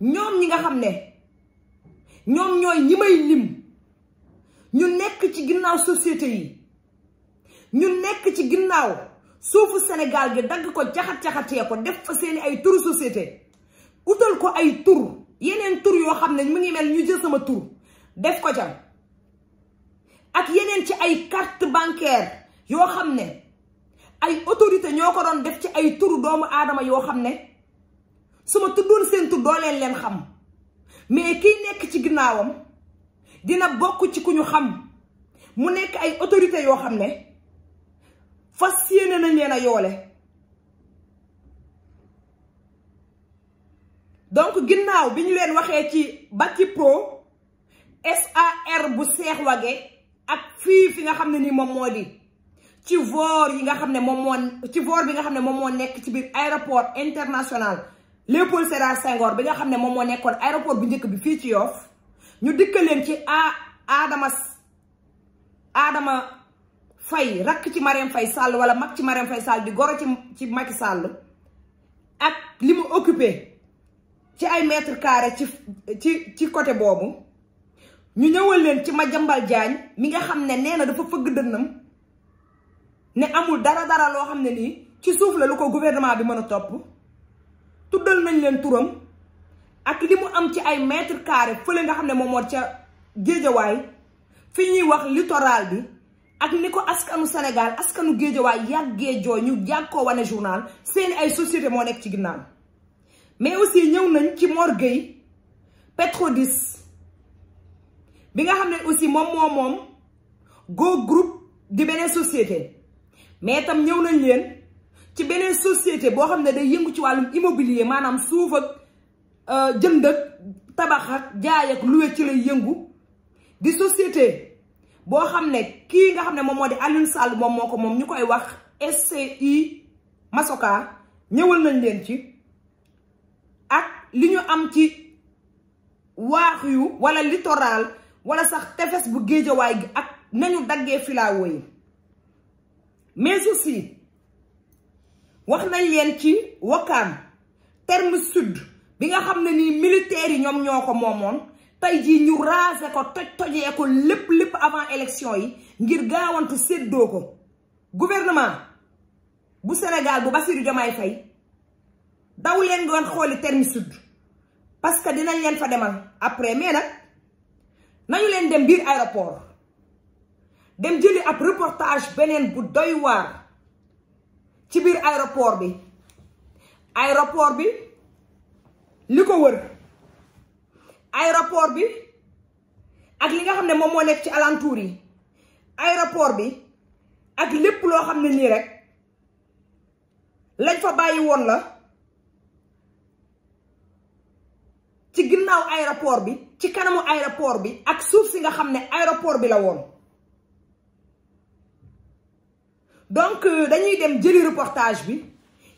ñoom ñi nga xam ne ñoom ñooy ñi may lim ñu nekk ci ginnaaw société yi ñu nekk ci ginnaaw suufu Sénégal gi dagg ko jaxat-jaxatee ko def fa seeni ay turu société utal ko ay tur yeneen tur yoo xam ne mu ngi mel ñu jël sama tur def ko ca ak yeneen ci ay carte bancaire yoo xam ne ay autorité ñoo ko doon def ci ay turu doomu aadama yoo xam ne su ma tuddoon seen tur doo leen leen xam mais kiy nekk ci ginnaawam dina bokk ci ku ñu xam mu nekk ay autorité yoo xam ne fas yéene nañ leen a yoole donc ginnaaw bi ñu leen waxee ci Baccy Pro SAR bu seex Wagué ak fii fi nga xam ne nii moom moo di ci voor yi nga xam ne moom moo ci voor bi nga xam ne moom moo nekk ci biir aéroport international Léopold Sédar Senghor bi nga xam ne moom moo nekkoon aéroport bu njëkk bi fii ci Yoff ñu dikka ci a Adama Adama Faye rakk ci Marème fay sàll wala mag ci Marème fay Sall di goro ci ci Macky Sall ak li mu occupé ci ay mètre carré ci ci ci côté boobu ñu ñëwal leen ci Madiambal Diagne mi nga xam ne nee na dafa fëgg dënnam ne amul dara dara loo xam ne nii ci suuf la lu ko gouvernement bi mën a topp tuddal nañ leen turam ak li mu am ci ay mètre carré fële nga xam ne moom moo ca géejawaay fi ñuy wax littoral bi ak ni ko askanu Sénégal askanu géejawaay yàggee jooy ñu yàgg koo wane journal seeni ay société moo nekk ci ginnaaw mais aussi ñëw nañ ci Mor Gueye Petrodis bi nga xam ne aussi moom moo moom Go Group di beneen société mais itam ñëw nañ leen ci beneen société boo xam ne day yëngu ci wàllum immobilier maanaam suuf ak euh, jënd ak tabax ak jaay ak luwe ci lay yëngu di société boo xam ne kii nga xam ne moom moo di Alioune Sall moom moo ko moom ñu koy wax SCI Masoka ñëwal nañ leen ci ak li ñu am ci waax yu wala littoral wala sax tefes bu géejawaay gi ak nañu daggee filaawo yi mais aussi wax nañ leen ci wakkaan terme sud bi nga xam ne nii militaires yi ñoom ñoo ko moomoon tey jii ñu raser ko toj tojee ko lépp lépp avant élection yi ngir gaawantu séddoo ko gouvernement bu Sénégal bu Bassirou Diomaye Faye daw leen doon xooli terme sud parce que dinañ leen fa demal après mais nag nañu leen dem biir aéroport dem jëli ab reportage beneen bu doy waar ci biir aéroport bi aéroport bi li ko wër aéroport bi ak li nga xam ne moom moo nekk ci alentour yi aéroport bi ak lépp loo xam ne nii rek lañ fa bàyyi woon la ci ginnaaw aéroport bi ci kanamu aéroport bi ak suuf si nga xam ne aéroport bi la woon donc euh, dañuy dem jëli reportage bi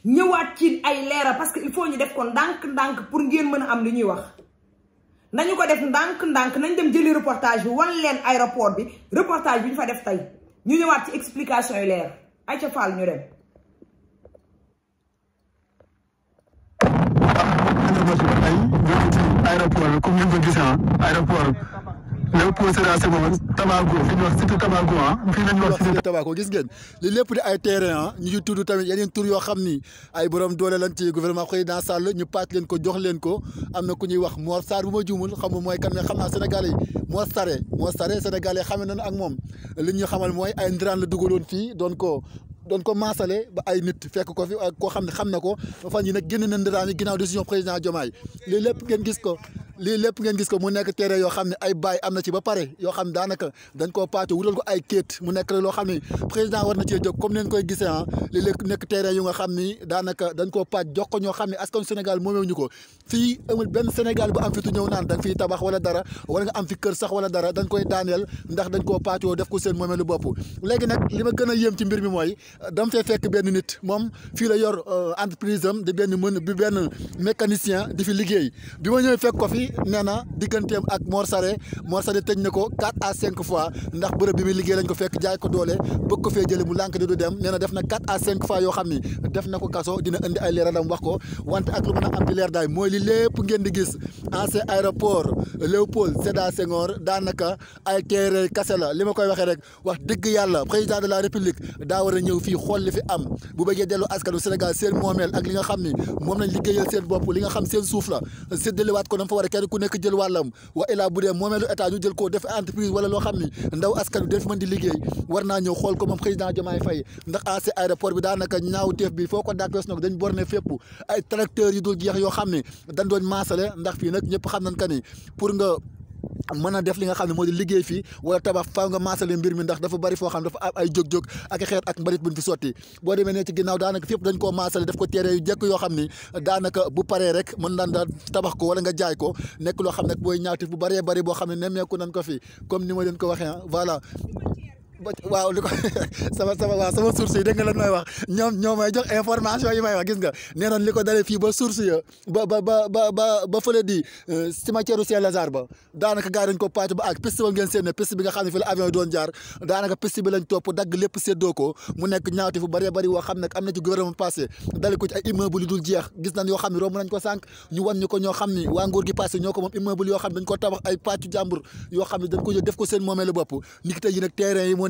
ñëwaat ci ay leeral parce que il faut ñu def ko ndànk-ndànk pour ngeen mën a am li ñuy wax nañu ko def ndànk-ndànk nañ dem jëli reportage bi wan leen aéroport bi reportage bi ñu fa def tey ñu ñëwaat ci explication yu leer ay ca ñu dem. aéroport bi comme ni nga ko gisee ah, aéroport lépp sera c' est bon Tabaco fi ñu gis ngeen li lépp di ay terrain ah, ñu ci tudd tamit yeneen tur yoo xam ni ay borom doole lan ci gouvernement président Sall ñu paat leen ko jox leen ko am na ku ñuy wax Mor Sarr bu ma juumul xam nga mooy kan ne xam naa Sénégal yi Mor Sarr Mor Sarr Sénégal yi xame nañu ak moom li ñu xamal mooy ay ndiraan la dugaloon fii doon ko. doon ko maasale ba ay nit fekk ko fi koo xam ne xam na ko fan yi ne génn na ndaraan yi ginnaaw décision président Diomaye lii lépp ngeen gis ko lii lépp ngeen gis ko mu nekk téere yoo xam ne ay baay am na ci ba pare yoo xam ne daanaka dañ koo pàcc wutal ko ay kéet mu nekk loo xam ne président war na cee jóg comme neen koy gisee ah lii lépp nekk téere yu nga xam ni daanaka dañ koo pàcc jox ko ñoo xam ne askan Sénégal moomewuñu ko fii amul benn Sénégal bu am fi tu ñëw naan da nga fiy tabax wala dara wala nga am fi kër sax wala dara dañ koy daaneel ndax dañ koo pàccoo def ko seen lu bopp léegi nag li ma gën a yéem ci mbir mi mooy dam fee benn nit moom fii la yor euh, entreprise am di benn mën bi benn mécanicien di fi liggéey nee na digganteem ak Mor Sare Mor na ko 4 à 5 fois ndax bërëb bi muy liggéey lañ ko fekk jaay ko doole bëgg ko fee jële mu lànk di du dem nee na def na 4 à 5 fois yoo xam ni def na ko kaso dina indi ay leeralam wax ko wante ak lu mën a am ci leer daay mooy li lépp ngeen di gis ancien aéroport Léopold Sédar Senghor daanaka ay téere kase la li ma koy waxee rek wax dëgg yàlla président de la république daa war a ñëw fii xool li fi am bu bëggee dellu askanu Sénégal seen moomeel ak li nga xam ni moom lañ liggéeyal seen bopp li nga xam seen suuf la a kenn ku nekk jël wàllam wa ilaa bu dee moomeelu état ñu jël koo def entreprise wala loo xam ni ndaw askan bi def mën di liggéey war naa ñëw xool ko moom président Diomaye Faye ndax AC aéroport bi daanaka ñaaw teef bi foo ko dàkkees nag dañ borne fépp ay tracteurs yu dul jeex yoo xam ne dañ doon ndax fii nag ñëpp xam nañ ka ni nga mën a def li nga xam ne moo di liggéey fii wala tabax faaw nga maasale mbir mi ndax dafa bari foo xam dafa am ay jóg-jóg ak xeet ak mbalit buñ fi sotti boo demee ne ci daanaka fépp dañ koo maasale def ko téere yu jekk yoo xam ni daanaka bu paree rek mën naan daal tabax ko wala nga jaay ko nekk loo xam ne booy ñaata bu baree bari boo xam ne nemmeeku nañ ko fii comme ni ma leen ko waxee voilà waaw li ko sama waaw sama source yi dégg nga lan wax ñoom ñoo may jox information yi may wax gis nga nee li ko dalee fii ba source ya ba ba ba ba ba ba fële di euh, cimetière ba daanaka gars dañ ko pàcc ba ak piste ngeen seen ne piste nga xam ne fi avion yi doon jaar daanaka piste bi topp dagg lépp séddoo ko mu nekk ñaawte fu bëree bëri woo xam ne am na ci gouvernement dale ko ci ay immeuble dul jeex gis nañ yoo xam ni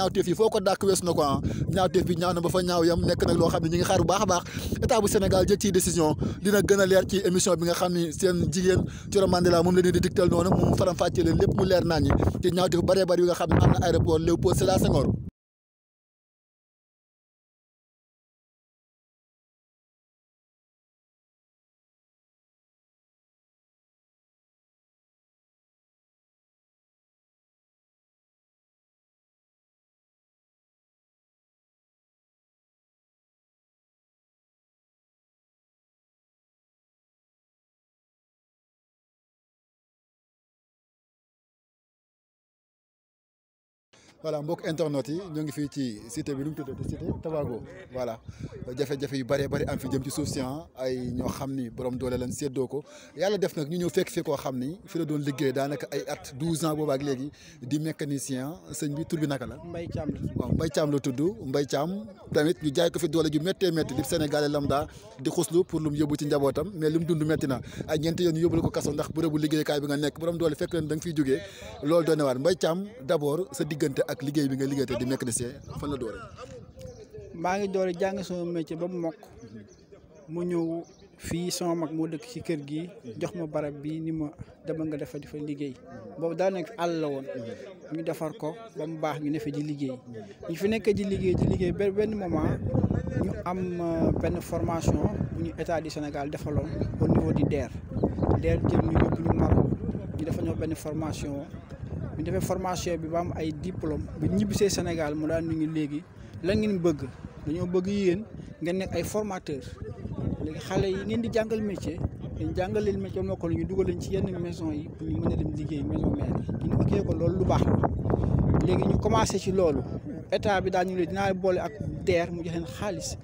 ñaawteef yi foo ko dàkk wees na ko ah ñaawteef bi ñaaw na ba fa ñaaw yam nekk nag loo xam ne ñu ngi xaar bu baax a baax état bu Sénégal jël ci décision dina gën a leer ci émission bi nga xam ne seen jigéen Thioro Mandela moom la ñu di digtal noonu moom faram leen lépp mu leer nañ ñi te ñaawteef bëree bëri yi nga xam ne am na aéroport Léopold Sédar Senghor voilà mbokk internet yi ñoo ngi fii ci cité bi lu mu tuddati cité Tabago voilà jafe-jafe yu bare bëri am fi jëm ci suuf si ah. ay ñoo xam ni borom doole lañ séddoo ko yàlla def nag ñu ñëw fekk fi koo xam ni fi la doon liggéey daanaka ay at 12 ans boobaak léegi di mécanicien ah. sëñ bi tur bi naka la. Mbaye Thiam la tudd waaw Mbaye Thiam la tudd Mbaye Thiam tamit ñu jaay ko fi doole ju méttee métti di Sénégalais lambda di xuslu pour lu mu yóbbu ci njabootam mais lu mu dund métti na ay ñeenti yoon ñu yóbbu la ko kaso ndax bërëbu liggéeykaay bi nga nekk borom doole fekk leen da nga fiy loolu doone waar Mbaye Thiam d'abord sa diggante ak liggéey bi nga liggéey te di mécanicien fan la doore maa ngi doore jàng sama métier ba mu mokk mu ñëw fii sama mag moo dëkk ci kër gi jox ma barab bi ni ma demal nga defa di fa liggéey boobu daa nekk àll la woon ñu defar ko ba mu baax ñu ne fa di liggéey ñu fi nekkee di liggéey di liggéey ba benn moment ñu am euh, benn formation bu ñu état du Sénégal defaloon au niveau du DER DER jëm ñu yóbbu ñu Maroc ñu dafa ñoo benn formation bi defee formation bi ba am ay diplôme bi ñibbisee Sénégal mu daal ñu ngi léegi lan ngeen bëgg dañoo bëgg yéen ngeen nekk ay formateur léegi xale yi ngeen di jàngal métier dañ jàngal leen métier moo ko ñu dugal ci yenn maison yi pour ñu mën a dem liggéey maison mère ko loolu lu baax la léegi ñu commencé ci loolu état bi daal ñu leen dinaa boole ak DER mu jox leen xaalis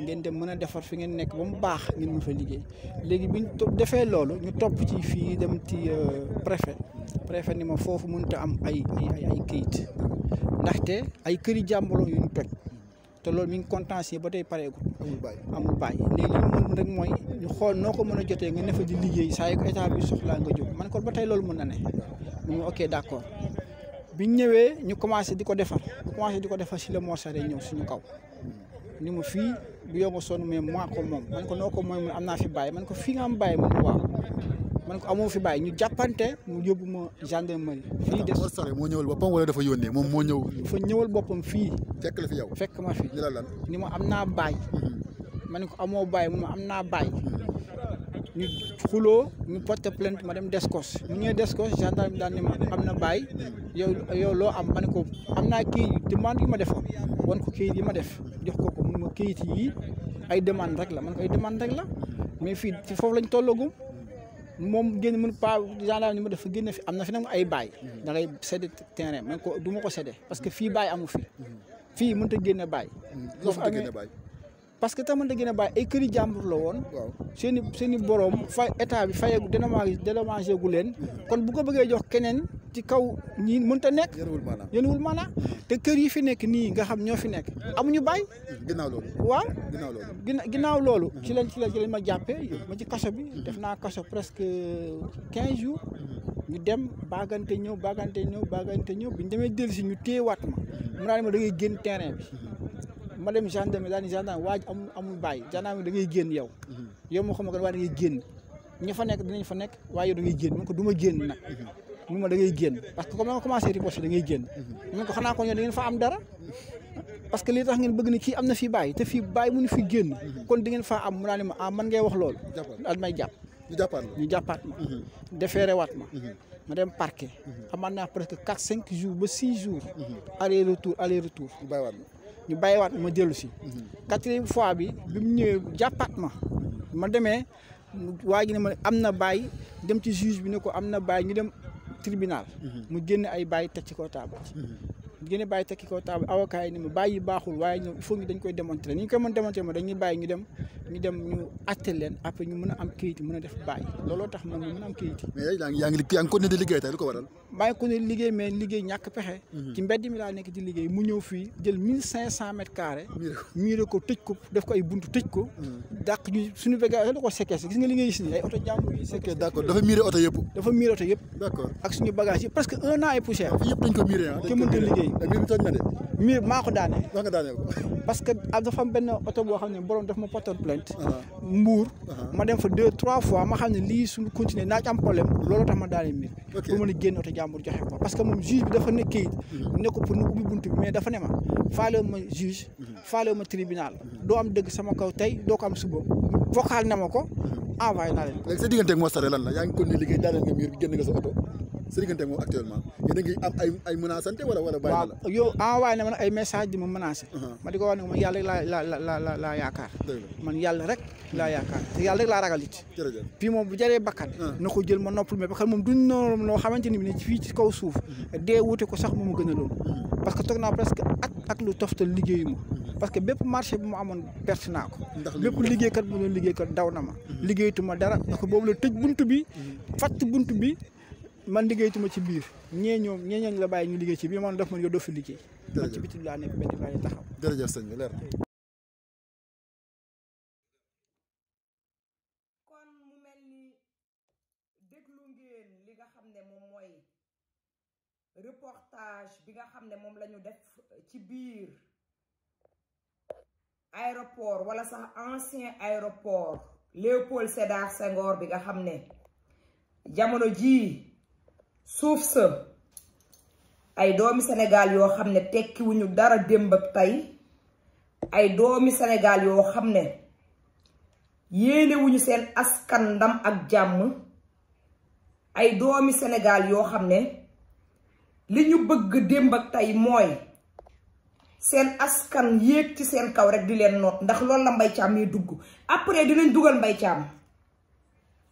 ngeen dem mën a defar fi ngeen nekk ba mu baax ngeen mu fa liggéey léegi bi ñu defee loolu ñu topp ci fii dem ci euh, préfet préfet ni ma foofu mënut a am ay ay ay këyit ndaxte ay këri jàmbaloo yu ñu toj te loolu mi ngi contentieux ba tey pareegul amul bàyyi léegi li mën rek mooy ñu xool noo ko mën a jotee nga nefa di liggéey saa yu ko état bi soxlaa nga jóg man ko ba tey loolu mën na ne ñu ok d'accord biñ ñëwee ñu commencé di ko defar bu commencé di ko defar si la morsare ñëw suñu kaw ni ma fii bu yonga sonn mais moi ko moom man ko noo ko mooy mun am naa fi bàyyi man ko fii nga am bàyyi mun man ko amoo fi bàyyi ñu jàppante mu yóbbu ma gendarmerie. fii des ah, Mor Sarr moo ñëwal boppam wala dafa yónnee moom moo ñëw. dafa ñëwal boppam fii. fekk la fi yow fekk ma fi. ni ma am naa bàyyi. Mhm. ma ne ko amoo bàyyi mu ma am naa bàyyi. ñu xuloo ñu ma dem Descos mu ñëwee Descos gendarme daan ne ma am na bàyyi yow yow loo am ma ne ko am naa kii demande yi ma defoon wan ko kii yi ma def jox ko ko mun ma kii yi ay demande rek la man ko ay demande rek la mais fii foofu lañ tollagum. moom génn mën pas gendarme ni ma dafa génn fi am na fi nag ay baay da ngay sédde terrain man ko du ma ko sédde parce que fii baay amu fi mm-hmm. fii mënut a génne baay mm-hmm. parce que tamante gën a bàyyi ay këri jàmbur la woon. waaw seen i seen i borom fay état bi fayagu dédommage dédommagé gu leen. kon bu ko bëggee jox keneen ci kaw ñii mënta nekk. yéen wul maanaam wul maanaam te kër yi fi nekk nii nga xam ñoo fi nekk amuñu bàyyi. ginnaaw loolu. waaw ginnaaw loolu. ginnaaw loolu. ci lañ ci lañ ci ma jàppee ma ci kaso bi. def naa kaso presque quinze jours. ñu dem bagante ñëw bagante ñëw baagante ñëw bi ñu demee dellusi ñu téyewaat ma. mu daal ma da génn terrain bi. ma dem gendarme daal ni gendarme waaj amul amul bàyyi gendarme da génn yow mhm. yow moo xam ne waaye da génn ña fa nekk dinañ fa nekk waaye yow da ngay génn ko du ma génn nag mhm. mu ma da ngay génn parce que comme nga commencé riposte da ngay génn mhm. mun ko xanaa ko ñoo da ngeen fa am dara parce tax ngeen bëgg ni kii am na fii bàyyi te fii bàyyi mu ni fi kon di ngeen faa am mu naa ne ma ah man ngay wax loolu daal may jàpp ñu jàppaat ma ma defeere waat ma ma dem parquet amaat naa presque quatre cinq jours ba six jours aller retour aller retour bàyyiwaat ñu bàyyiwaat ma dellu si. quatrième fois bi bi mu ñëwee jàppaat ma ma demee waa ji ne ma am na bàyyi dem ci juge bi ne ko am na bàyyi ñu dem tribunal. Mhm. mu génn ay bàyyi teg ci kaw taabal. Mhm. gën a bàyyi tekki kaw table avocat yi ni ma bàyyi baaxul waaye ñoom il faut ñu dañ koy démontrer ni ñu koy mën démontrer ma dañuy bàyyi ñu dem ñu dem ñu atte leen après ñu mën a am kayit mën a def bàyyi looloo tax man ñu mën a am kayit. mais ko mhm. fii jël mille cinq cent mètres ko tëj ko def ko ay buntu tëj ko. Mhm. dàq ñu suñu béykat da ko séquestre gis nga li ngay gis nii dafa miire oto yëpp. dafa miire oto yëpp. d'accord suñu bagage yi presque un an et poussière. yëpp dañ ko miire ah. te mënut a liggéey Eh, miir bi toj na maa ko daaneel. parce que am ah, dafa am benn oto boo xam ne borom daf ma portoon plainte. Ah. mbuur. Ah. ma dem fa deux trois fois ma xam ne lii suñu continuer naa am problème looloo tax ma daaneel miir bi. ok pour génn oto jàmbur joxe ko parce que moom juge bi dafa nekk kayit. Mm-hmm. ne ko pour nu ubbi buntu bi mais dafa ne ma faalewu ma juge. Mm-hmm. faalewu ma tribunal. Mm-hmm. doo am dëgg sama kaw tey doo ko am suba. vocal na ma ko envoyé naa leen ko. léegi sa diggante ak Mor lan la yaa oto. sa diggante moom actuellement yéen a am ay wala wala bàyyi la na man ay message di ma menacé uh-huh. ma di ko wax ne man yàlla rek laa la la la laa yaakaar rek laa te yàlla rek laa ragalit it moom bu jaree bakkan uh-huh. na ko jël ma nopp mais bakkan moom duñ noonu loo xamante ni bi fii ci kaw suuf uh-huh. dee ko sax mooma gën a loolu parce que toog naa presque at ak lu toftal liggéeyu parce que bépp marché bi mu amoon perte naa ko bépp liggéeykat bu doon liggéeykat daw na ma liggéeytuma dara parce que boobu la tëj bunt bi fatt bunt bi man liggéeytuma ci biir ñee ñoom la bàyyi ñu liggéey ci biir ma nga doo fi liggéey man biti laa nekk benn bàyyi taxaw jërëjëf sëñ bi kon mu mel ni déglu ngeen li nga xam ne moom mooy reportage bi nga xam ne moom la def ci biir aéroport wala sax ancien aéroport Léopold Sédar Senghor bi nga xam ne jamono jii suuf sa ay doomi senegaal yoo xam ne tekkiwuñu dara démb ak tey ay doomi senegaal yoo xam ne yéenewuñu seen askan ndam ak jàmm ay doomi senegaal yoo xam ne li ñu bëgg démb ak tey mooy seen askan yéeg ci seen kaw rek di leen noot ndax loolu la Mbaye Thiam yi dugg après di dinañ dugal mbay Thiam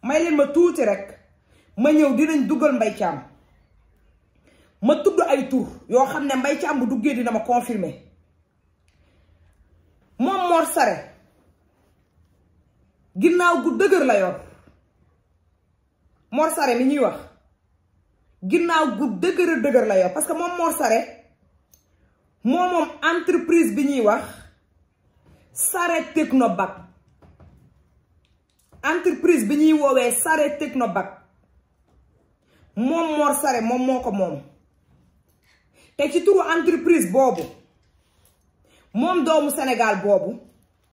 may leen ma tuuti rek ma ñëw dinañ dugal Mbaye Thiam ma tudd ay tur yoo xam ne mbay Thiam bu duggee dina ma confirmer moom Mor Sare ginnaaw gu dëgër la yoon Mor Sare mi ñuy wax ginnaaw gu dëgër dëgër la yor parce que moom Mor Sare moo moom entreprise bi ñuy wax Sare Technobac entreprise bi ñuy woowee Sare Technobac moom Mor Sare moom moo ko moom te ci turu entreprise boobu moom doomu Sénégal boobu